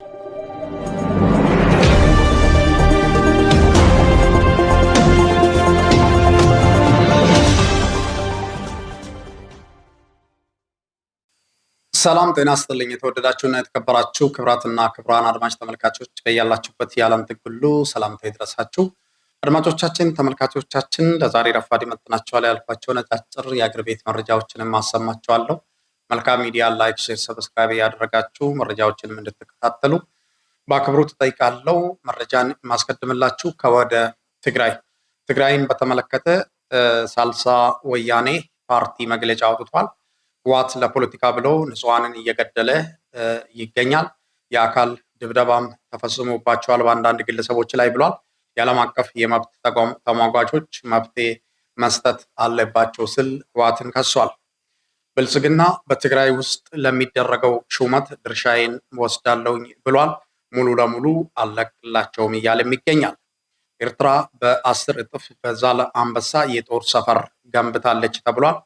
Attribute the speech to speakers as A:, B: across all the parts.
A: ሰላም ጤና የተወደዳችሁ የተወደዳችሁና የተከበራችሁ ክብራትና ክብራን አድማጭ ተመልካቾች በያላችሁበት የዓለም ጥግ ሁሉ ሰላምታ ይድረሳችሁ። አድማጮቻችን፣ ተመልካቾቻችን ለዛሬ ረፋድ ይመጥናችኋል ያልኳቸው ነጫጭር የአገር ቤት መረጃዎችንም አሰማችኋለሁ። መልካም ሚዲያ ላይክ፣ ሼር፣ ሰብስክራይብ ያደረጋችሁ መረጃዎችንም እንድትከታተሉ በአክብሮት እጠይቃለሁ። መረጃን የማስቀድምላችሁ ከወደ ትግራይ ትግራይን በተመለከተ ሳልሳ ወያኔ ፓርቲ መግለጫ አውጥቷል። ህወሓት ለፖለቲካ ብለው ንጹሐንን እየገደለ ይገኛል። የአካል ድብደባም ተፈጽሞባቸዋል በአንዳንድ ግለሰቦች ላይ ብሏል። የዓለም አቀፍ የመብት ተሟጋቾች መብቴ መስጠት አለባቸው ስል ህወሓትን ከሷል። ብልጽግና በትግራይ ውስጥ ለሚደረገው ሹመት ድርሻዬን ወስዳለውኝ ብሏል። ሙሉ ለሙሉ አለቅላቸውም እያለም ይገኛል። ኤርትራ በአስር እጥፍ በዛለ አንበሳ የጦር ሰፈር ገንብታለች ተብሏል።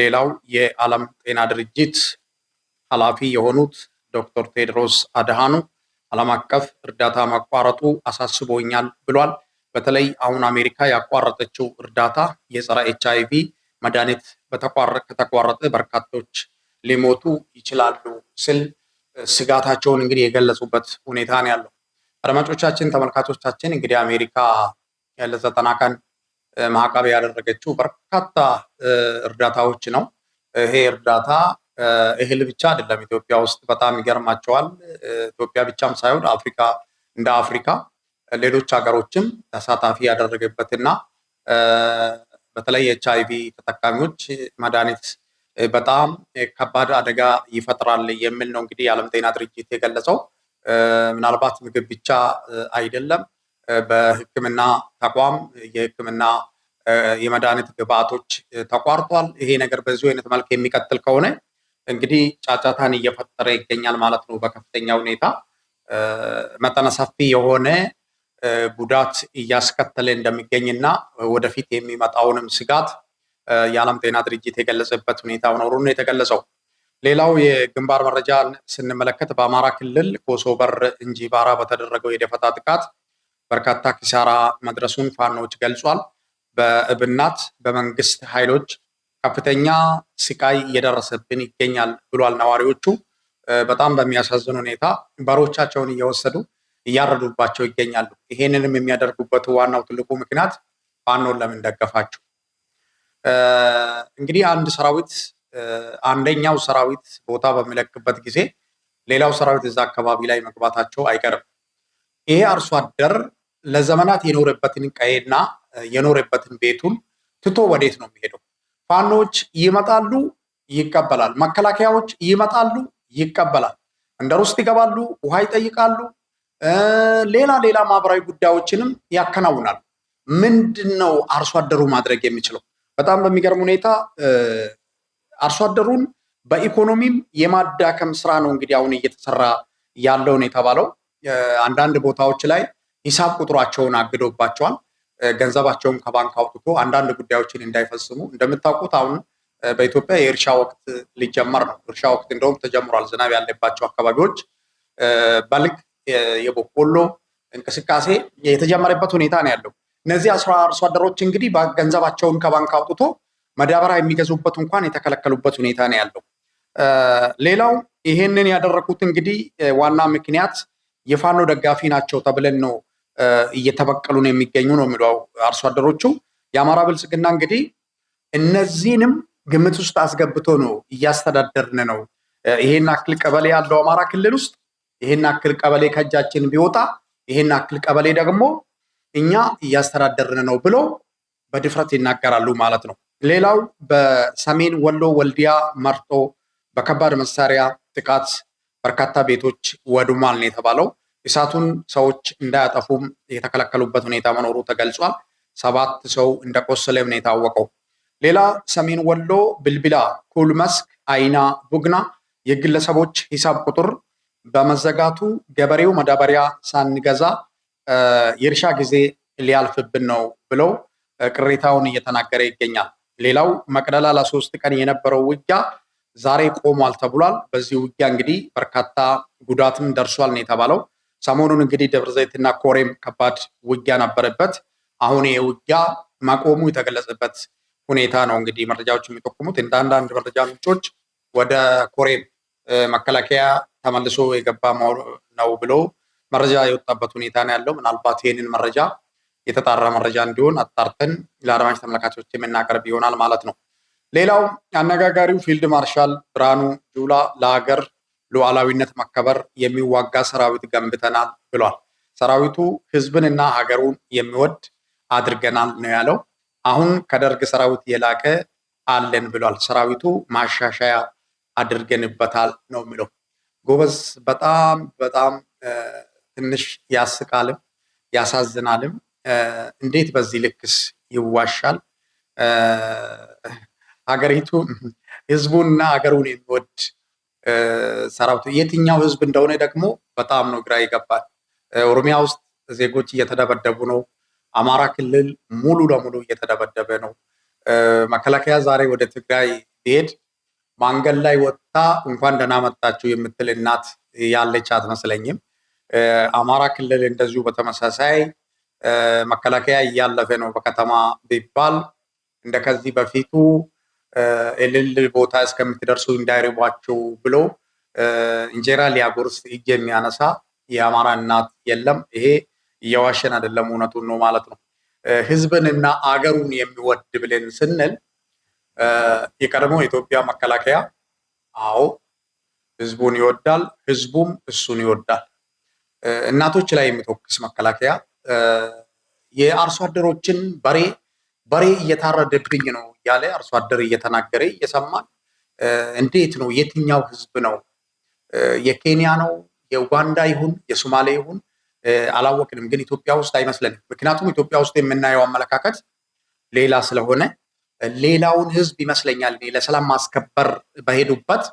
A: ሌላው የዓለም ጤና ድርጅት ኃላፊ የሆኑት ዶክተር ቴድሮስ አድሃኑ ዓለም አቀፍ እርዳታ ማቋረጡ አሳስቦኛል ብሏል። በተለይ አሁን አሜሪካ ያቋረጠችው እርዳታ የጸረ ኤች አይ ቪ መድኃኒት ከተቋረጠ በርካቶች ሊሞቱ ይችላሉ ስል ስጋታቸውን እንግዲህ የገለጹበት ሁኔታ ነው ያለው። አድማጮቻችን፣ ተመልካቾቻችን እንግዲህ አሜሪካ ለዘጠና ቀን ማዕቀብ ያደረገችው በርካታ እርዳታዎች ነው። ይሄ እርዳታ እህል ብቻ አይደለም። ኢትዮጵያ ውስጥ በጣም ይገርማቸዋል። ኢትዮጵያ ብቻም ሳይሆን አፍሪካ እንደ አፍሪካ ሌሎች ሀገሮችም ተሳታፊ ያደረገበትና በተለይ ኤች አይ ቪ ተጠቃሚዎች መድኃኒት በጣም ከባድ አደጋ ይፈጥራል የሚል ነው እንግዲህ የዓለም ጤና ድርጅት የገለጸው። ምናልባት ምግብ ብቻ አይደለም፣ በሕክምና ተቋም የሕክምና የመድኃኒት ግብአቶች ተቋርጧል። ይሄ ነገር በዚሁ አይነት መልክ የሚቀጥል ከሆነ እንግዲህ ጫጫታን እየፈጠረ ይገኛል ማለት ነው። በከፍተኛ ሁኔታ መጠነ ሰፊ የሆነ ጉዳት እያስከተለ እንደሚገኝና ወደፊት የሚመጣውንም ስጋት የዓለም ጤና ድርጅት የገለጸበት ሁኔታ መኖሩን የተገለጸው። ሌላው የግንባር መረጃ ስንመለከት በአማራ ክልል ኮሶ በር እንጂባራ በተደረገው የደፈጣ ጥቃት በርካታ ኪሳራ መድረሱን ፋኖች ገልጿል። በእብናት በመንግስት ኃይሎች ከፍተኛ ስቃይ እየደረሰብን ይገኛል ብሏል። ነዋሪዎቹ በጣም በሚያሳዝን ሁኔታ በሮቻቸውን እየወሰዱ እያረዱባቸው ይገኛሉ። ይሄንንም የሚያደርጉበት ዋናው ትልቁ ምክንያት ፋኖን ለምን ደገፋችሁ? እንግዲህ አንድ ሰራዊት አንደኛው ሰራዊት ቦታ በሚለቅበት ጊዜ ሌላው ሰራዊት እዛ አካባቢ ላይ መግባታቸው አይቀርም። ይሄ አርሶ አደር ለዘመናት የኖረበትን ቀዬና የኖረበትን ቤቱን ትቶ ወዴት ነው የሚሄደው? ፋኖች ይመጣሉ፣ ይቀበላል። መከላከያዎች ይመጣሉ፣ ይቀበላል። እንደ ውስጥ ይገባሉ፣ ውሃ ይጠይቃሉ፣ ሌላ ሌላ ማህበራዊ ጉዳዮችንም ያከናውናል። ምንድን ነው አርሶ አደሩ ማድረግ የሚችለው? በጣም በሚገርም ሁኔታ አርሶ አደሩን በኢኮኖሚም የማዳከም ስራ ነው እንግዲህ አሁን እየተሰራ ያለውን የተባለው አንዳንድ ቦታዎች ላይ ሂሳብ ቁጥሯቸውን አግዶባቸዋል። ገንዘባቸውን ከባንክ አውጥቶ አንዳንድ ጉዳዮችን እንዳይፈጽሙ እንደምታውቁት አሁን በኢትዮጵያ የእርሻ ወቅት ሊጀመር ነው። እርሻ ወቅት እንደውም ተጀምሯል። ዝናብ ያለባቸው አካባቢዎች በልግ የበቆሎ እንቅስቃሴ የተጀመረበት ሁኔታ ነው ያለው። እነዚህ አርሶ አደሮች እንግዲህ ገንዘባቸውን ከባንክ አውጥቶ መዳበሪያ የሚገዙበት እንኳን የተከለከሉበት ሁኔታ ነው ያለው። ሌላው ይሄንን ያደረጉት እንግዲህ ዋና ምክንያት የፋኖ ደጋፊ ናቸው ተብለን ነው እየተበቀሉ ነው የሚገኙ ነው የሚለው አርሶ አደሮቹ። የአማራ ብልጽግና እንግዲህ እነዚህንም ግምት ውስጥ አስገብቶ ነው እያስተዳደርን ነው። ይሄን አክል ቀበሌ ያለው አማራ ክልል ውስጥ ይሄን አክል ቀበሌ ከእጃችን ቢወጣ ይሄን አክል ቀበሌ ደግሞ እኛ እያስተዳደርን ነው ብለው በድፍረት ይናገራሉ ማለት ነው። ሌላው በሰሜን ወሎ ወልዲያ መርጦ በከባድ መሳሪያ ጥቃት በርካታ ቤቶች ወድሟል ነው የተባለው። እሳቱን ሰዎች እንዳያጠፉም የተከለከሉበት ሁኔታ መኖሩ ተገልጿል። ሰባት ሰው እንደቆሰለም ነው የታወቀው። ሌላ ሰሜን ወሎ ብልብላ፣ ኩል መስክ፣ አይና ቡግና የግለሰቦች ሂሳብ ቁጥር በመዘጋቱ ገበሬው መዳበሪያ ሳንገዛ የእርሻ ጊዜ ሊያልፍብን ነው ብለው ቅሬታውን እየተናገረ ይገኛል። ሌላው መቅደላ ለሶስት ቀን የነበረው ውጊያ ዛሬ ቆሟል ተብሏል። በዚህ ውጊያ እንግዲህ በርካታ ጉዳትም ደርሷል ነው የተባለው። ሰሞኑን እንግዲህ ደብረ ዘይትና ኮሬም ከባድ ውጊያ ነበረበት። አሁን ይህ ውጊያ መቆሙ የተገለጸበት ሁኔታ ነው እንግዲህ መረጃዎች የሚጠቁሙት። እንደ አንዳንድ መረጃ ምንጮች ወደ ኮሬም መከላከያ ተመልሶ የገባ ነው ብሎ መረጃ የወጣበት ሁኔታ ነው ያለው። ምናልባት ይህንን መረጃ የተጣራ መረጃ እንዲሆን አጣርተን ለአድማጭ ተመልካቾች የምናቀርብ ይሆናል ማለት ነው። ሌላው አነጋጋሪው ፊልድ ማርሻል ብርሃኑ ጁላ ለሀገር ሉዓላዊነት መከበር የሚዋጋ ሰራዊት ገንብተናል ብሏል። ሰራዊቱ ህዝብንና ሀገሩን የሚወድ አድርገናል ነው ያለው። አሁን ከደርግ ሰራዊት የላቀ አለን ብሏል። ሰራዊቱ ማሻሻያ አድርገንበታል ነው የሚለው። ጎበዝ በጣም በጣም ትንሽ ያስቃልም ያሳዝናልም። እንዴት በዚህ ልክስ ይዋሻል? ሀገሪቱ ህዝቡና ሀገሩን የሚወድ ሰራዊቱ የትኛው ህዝብ እንደሆነ ደግሞ በጣም ነው ግራ ይገባል። ኦሮሚያ ውስጥ ዜጎች እየተደበደቡ ነው። አማራ ክልል ሙሉ ለሙሉ እየተደበደበ ነው። መከላከያ ዛሬ ወደ ትግራይ ቢሄድ ማንገድ ላይ ወጥታ እንኳን ደህና መጣችሁ የምትል እናት ያለች አትመስለኝም። አማራ ክልል እንደዚሁ በተመሳሳይ መከላከያ እያለፈ ነው በከተማ ቢባል እንደ ከዚህ በፊቱ እልል ቦታ እስከምትደርሱ እንዳይርቧችሁ ብሎ እንጀራ ሊያጎርስ እጅ የሚያነሳ የአማራ እናት የለም። ይሄ እየዋሸን አይደለም፣ እውነቱን ነው ማለት ነው። ህዝብንና አገሩን የሚወድ ብለን ስንል የቀድሞ የኢትዮጵያ መከላከያ አዎ ህዝቡን ይወዳል፣ ህዝቡም እሱን ይወዳል። እናቶች ላይ የሚተኩስ መከላከያ የአርሶ አደሮችን በሬ በሬ እየታረደብኝ ነው ያለ አርሶ አደር እየተናገረ እየሰማን እንዴት ነው? የትኛው ህዝብ ነው? የኬንያ ነው? የኡጋንዳ ይሁን የሶማሌ ይሁን አላወቅንም፣ ግን ኢትዮጵያ ውስጥ አይመስለንም። ምክንያቱም ኢትዮጵያ ውስጥ የምናየው አመለካከት ሌላ ስለሆነ ሌላውን ህዝብ ይመስለኛል ለሰላም ማስከበር በሄዱበት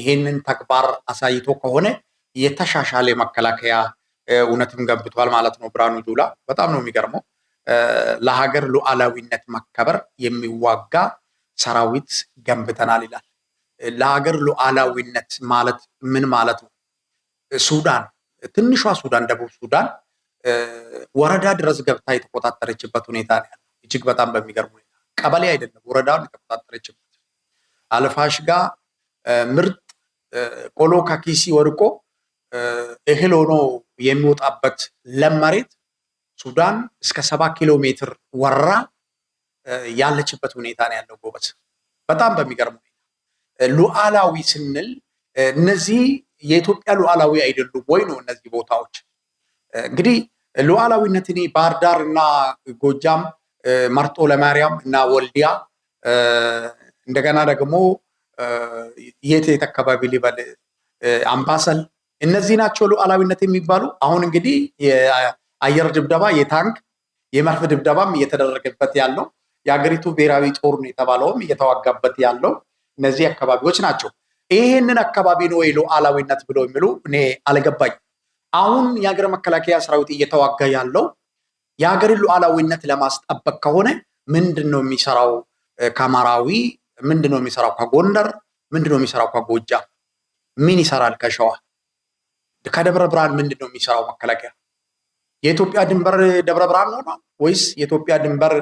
A: ይሄንን ተግባር አሳይቶ ከሆነ የተሻሻለ መከላከያ እውነትም ገንብቷል ማለት ነው። ብርሃኑ ጁላ በጣም ነው የሚገርመው። ለሀገር ሉዓላዊነት መከበር የሚዋጋ ሰራዊት ገንብተናል ይላል። ለሀገር ሉዓላዊነት ማለት ምን ማለት ነው? ሱዳን ትንሿ ሱዳን፣ ደቡብ ሱዳን ወረዳ ድረስ ገብታ የተቆጣጠረችበት ሁኔታ ነው ያለው እጅግ በጣም በሚገርሙ ቀበሌ አይደለም ወረዳውን የተቆጣጠረችበት አልፋሽ ጋር ምርጥ ቆሎ ካኪሲ ወድቆ እህል ሆኖ የሚወጣበት ለም መሬት ሱዳን እስከ ሰባ ኪሎ ሜትር ወራ ያለችበት ሁኔታ ነው ያለው። ጎበዝ፣ በጣም በሚገርም ሁኔታ ሉዓላዊ ስንል እነዚህ የኢትዮጵያ ሉዓላዊ አይደሉም ወይ ነው እነዚህ ቦታዎች እንግዲህ ሉዓላዊነት እኔ ባህር ዳር እና ጎጃም መርጦ ለማርያም እና ወልዲያ እንደገና ደግሞ የት አካባቢ ሊበል አምባሰል እነዚህ ናቸው ሉዓላዊነት የሚባሉ። አሁን እንግዲህ የአየር ድብደባ፣ የታንክ የመርፍ ድብደባም እየተደረገበት ያለው የሀገሪቱ ብሔራዊ ጦር የተባለውም እየተዋጋበት ያለው እነዚህ አካባቢዎች ናቸው። ይህንን አካባቢ ነው ሉዓላዊነት ብሎ የሚሉ እኔ አልገባኝ። አሁን የሀገር መከላከያ ሰራዊት እየተዋጋ ያለው የሀገርን ሉዓላዊነት ለማስጠበቅ ከሆነ ምንድን ነው የሚሰራው ከማራዊ? ምንድን ነው የሚሰራው ከጎንደር? ምንድን ነው የሚሰራው ከጎጃ ምን ይሰራል ከሸዋ? ከደብረ ብርሃን ምንድን ነው የሚሰራው መከላከያ? የኢትዮጵያ ድንበር ደብረ ብርሃን ሆኗል ወይስ የኢትዮጵያ ድንበር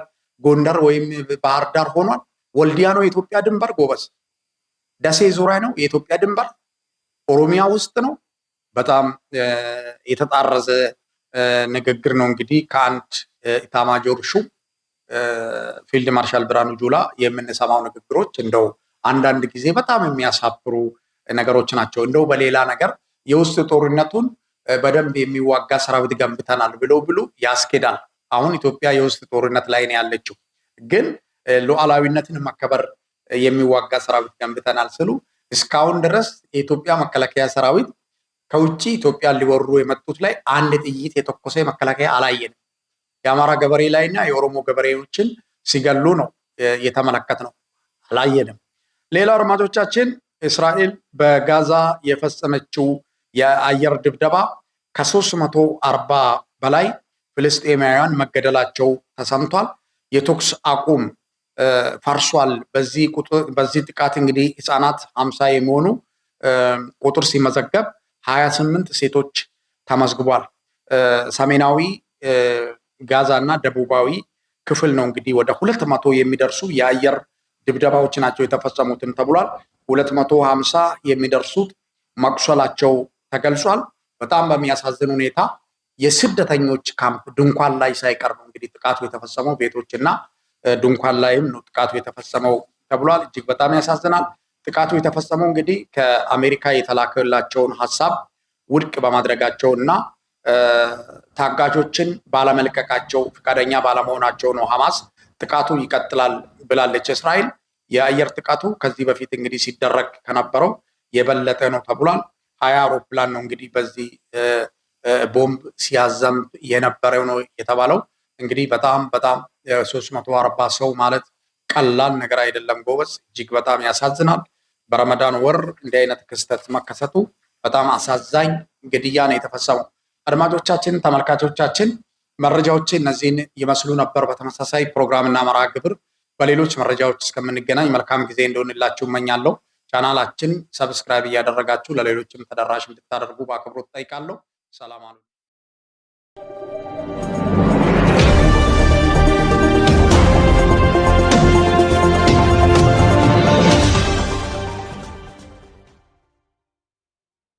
A: ጎንደር ወይም ባህር ዳር ሆኗል? ወልዲያ ነው የኢትዮጵያ ድንበር ጎበዝ። ደሴ ዙሪያ ነው የኢትዮጵያ ድንበር። ኦሮሚያ ውስጥ ነው። በጣም የተጣረዘ ንግግር ነው እንግዲህ ከአንድ ኢታማጆር ሹም ፊልድ ማርሻል ብርሃኑ ጁላ የምንሰማው ንግግሮች እንደው አንዳንድ ጊዜ በጣም የሚያሳፍሩ ነገሮች ናቸው። እንደው በሌላ ነገር የውስጥ ጦርነቱን በደንብ የሚዋጋ ሰራዊት ገንብተናል ብሎ ብሎ ያስኬዳል። አሁን ኢትዮጵያ የውስጥ ጦርነት ላይ ነው ያለችው፣ ግን ሉዓላዊነትን መከበር የሚዋጋ ሰራዊት ገንብተናል ስሉ እስካሁን ድረስ የኢትዮጵያ መከላከያ ሰራዊት ከውጭ ኢትዮጵያ ሊወሩ የመጡት ላይ አንድ ጥይት የተኮሰ መከላከያ አላየንም። የአማራ ገበሬ ላይ እና የኦሮሞ ገበሬዎችን ሲገሉ ነው የተመለከት ነው፣ አላየንም። ሌላው አድማጮቻችን፣ እስራኤል በጋዛ የፈጸመችው የአየር ድብደባ ከሶስት መቶ አርባ በላይ ፍልስጤማውያን መገደላቸው ተሰምቷል። የተኩስ አቁም ፈርሷል። በዚህ ጥቃት እንግዲህ ህፃናት ሀምሳ የሚሆኑ ቁጥር ሲመዘገብ ሀያ ስምንት ሴቶች ተመዝግቧል። ሰሜናዊ ጋዛ እና ደቡባዊ ክፍል ነው እንግዲህ ወደ ሁለት መቶ የሚደርሱ የአየር ድብደባዎች ናቸው የተፈጸሙትም ተብሏል። ሁለት መቶ ሀምሳ የሚደርሱት መቁሰላቸው ተገልጿል። በጣም በሚያሳዝን ሁኔታ የስደተኞች ካምፕ ድንኳን ላይ ሳይቀር ነው እንግዲህ ጥቃቱ የተፈጸመው። ቤቶች እና ድንኳን ላይም ነው ጥቃቱ የተፈጸመው ተብሏል። እጅግ በጣም ያሳዝናል። ጥቃቱ የተፈጸመው እንግዲህ ከአሜሪካ የተላከላቸውን ሀሳብ ውድቅ በማድረጋቸው እና ታጋቾችን ባለመልቀቃቸው ፈቃደኛ ባለመሆናቸው ነው። ሐማስ ጥቃቱ ይቀጥላል ብላለች እስራኤል። የአየር ጥቃቱ ከዚህ በፊት እንግዲህ ሲደረግ ከነበረው የበለጠ ነው ተብሏል። ሀያ አውሮፕላን ነው እንግዲህ በዚህ ቦምብ ሲያዘንብ የነበረው ነው የተባለው። እንግዲህ በጣም በጣም ሶስት መቶ አርባ ሰው ማለት ቀላል ነገር አይደለም ጎበዝ፣ እጅግ በጣም ያሳዝናል። በረመዳን ወር እንዲህ አይነት ክስተት መከሰቱ በጣም አሳዛኝ ግድያ ነው የተፈጸመው። አድማጮቻችን፣ ተመልካቾቻችን መረጃዎች እነዚህን ይመስሉ ነበር። በተመሳሳይ ፕሮግራምና መርሃ ግብር በሌሎች መረጃዎች እስከምንገናኝ መልካም ጊዜ እንደሆንላችሁ እመኛለሁ። ቻናላችን ሰብስክራይብ እያደረጋችሁ ለሌሎችም ተደራሽ እንድታደርጉ በአክብሮት ጠይቃለሁ። ሰላም አሉ